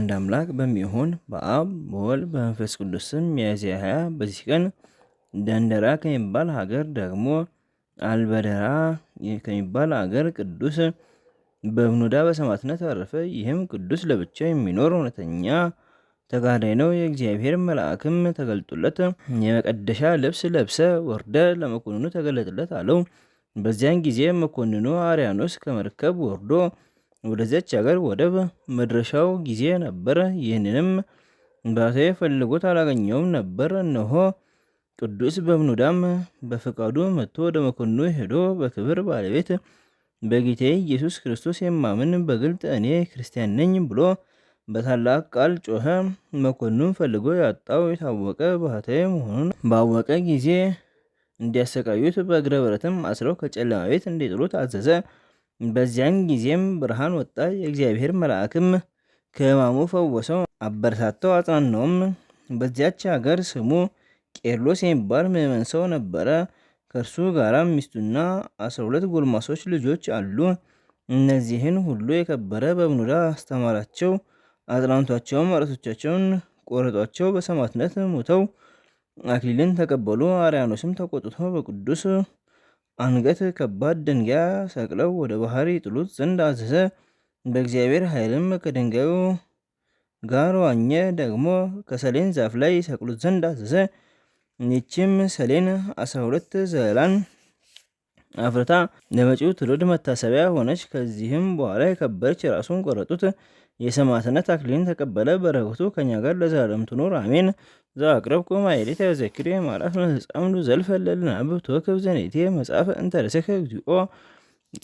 አንድ አምላክ በሚሆን በአብ በወል በመንፈስ ቅዱስ ስም ሚያዝያ 20 በዚህ ቀን ደንደራ ከሚባል ሀገር ደግሞ አልበደራ ከሚባል ሀገር ቅዱስ በብኑዳ በሰማዕትነት አረፈ። ይህም ቅዱስ ለብቻ የሚኖር እውነተኛ ተጋዳይ ነው። የእግዚአብሔር መልአክም ተገልጦለት የመቀደሻ ልብስ ለብሰ ወርደ ለመኮንኑ ተገለጥለት አለው። በዚያን ጊዜ መኮንኑ አርያኖስ ከመርከብ ወርዶ ወደዚያች ሀገር ወደብ መድረሻው ጊዜ ነበር። ይህንንም እምባሴ ፈልጎት አላገኘውም ነበር። እነሆ ቅዱስ በምኑዳም በፈቃዱ መጥቶ ወደ መኮንኑ ሄዶ በክብር ባለቤት በጌቴ ኢየሱስ ክርስቶስ የማምን በግልጥ እኔ ክርስቲያን ነኝ ብሎ በታላቅ ቃል ጮኸ። መኮኑን ፈልጎ ያጣው የታወቀ ባህታዊ መሆኑን ባወቀ ጊዜ እንዲያሰቃዩት በእግረ ብረትም አስረው ከጨለማ ቤት እንዲጥሉት አዘዘ። በዚያን ጊዜም ብርሃን ወጣ፣ የእግዚአብሔር መልአክም ከሕማሙ ፈወሰው፣ አበረታተው አጽናናውም። በዚያች ሀገር ስሙ ቄርሎስ የሚባል ምዕመን ሰው ነበረ። ከእርሱ ጋራ ሚስቱና አስራ ሁለት ጎልማሶች ልጆች አሉ። እነዚህን ሁሉ የከበረ በምኑዳ አስተማራቸው፣ አጽናንቷቸውም፣ ራሶቻቸውን ቆረጧቸው። በሰማዕትነት ሙተው አክሊልን ተቀበሉ። አርያኖስም ተቆጥቶ በቅዱስ አንገት ከባድ ድንጋይ ሰቅለው ወደ ባህሪ ይጥሉት ዘንድ አዘዘ። በእግዚአብሔር ኃይልም ከድንጋዩ ጋር ዋኘ። ደግሞ ከሰሌን ዛፍ ላይ ሰቅሉት ዘንድ አዘዘ። ይችም ሰሌን አስራ ሁለት ዘላን አፍርታ ለመጪው ትውልድ መታሰቢያ ሆነች። ከዚህም በኋላ የከበረች ራሱን ቆረጡት። የሰማዕትነት አክሊልን ተቀበለ። በረከቱ ከኛ ጋር ለዘላለም ትኑር አሜን። ዘአቅረብኩ ማኅሌተ ዘኪርየ ማዕራፍ መተጻምዱ ዘልፈለልን አንብብ ተወከብ ዘኔትየ መጽሐፈ እንተረሰከ እግዚኦ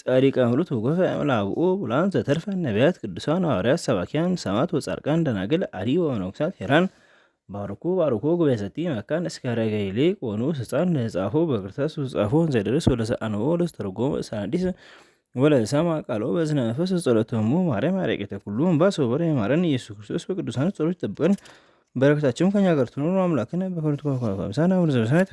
ጻዲቃን ብሉት ወጎፈ እምለአብኡ ብሉዓን ዘተርፈ ነቢያት ቅዱሳን ሐዋርያት ሰባኪያን ሰማት ወጻድቃን ደናግል አዲ ወመነኩሳት ሄራን ባርኩ ባርኩ ጉባኤሰቲ መካን እስከ ረገይሌ ቆኑ ሕፃን ለጻፎ በክርታስ ጻፎ ዘደረስ ወለሰአንቦ ወለስተርጎሙ ሳዲስ ወለሰማ ቃሎ በዝነ መንፈስ ጸሎቶሙ ማርያም አረቄተ ኩሉ እምባ ሰወረ የማረን ኢየሱስ ክርስቶስ በቅዱሳን ጸሎት ይጠብቀን። በረከታችሁም ከኛ ጋር ትኑር አምላክን በሁለት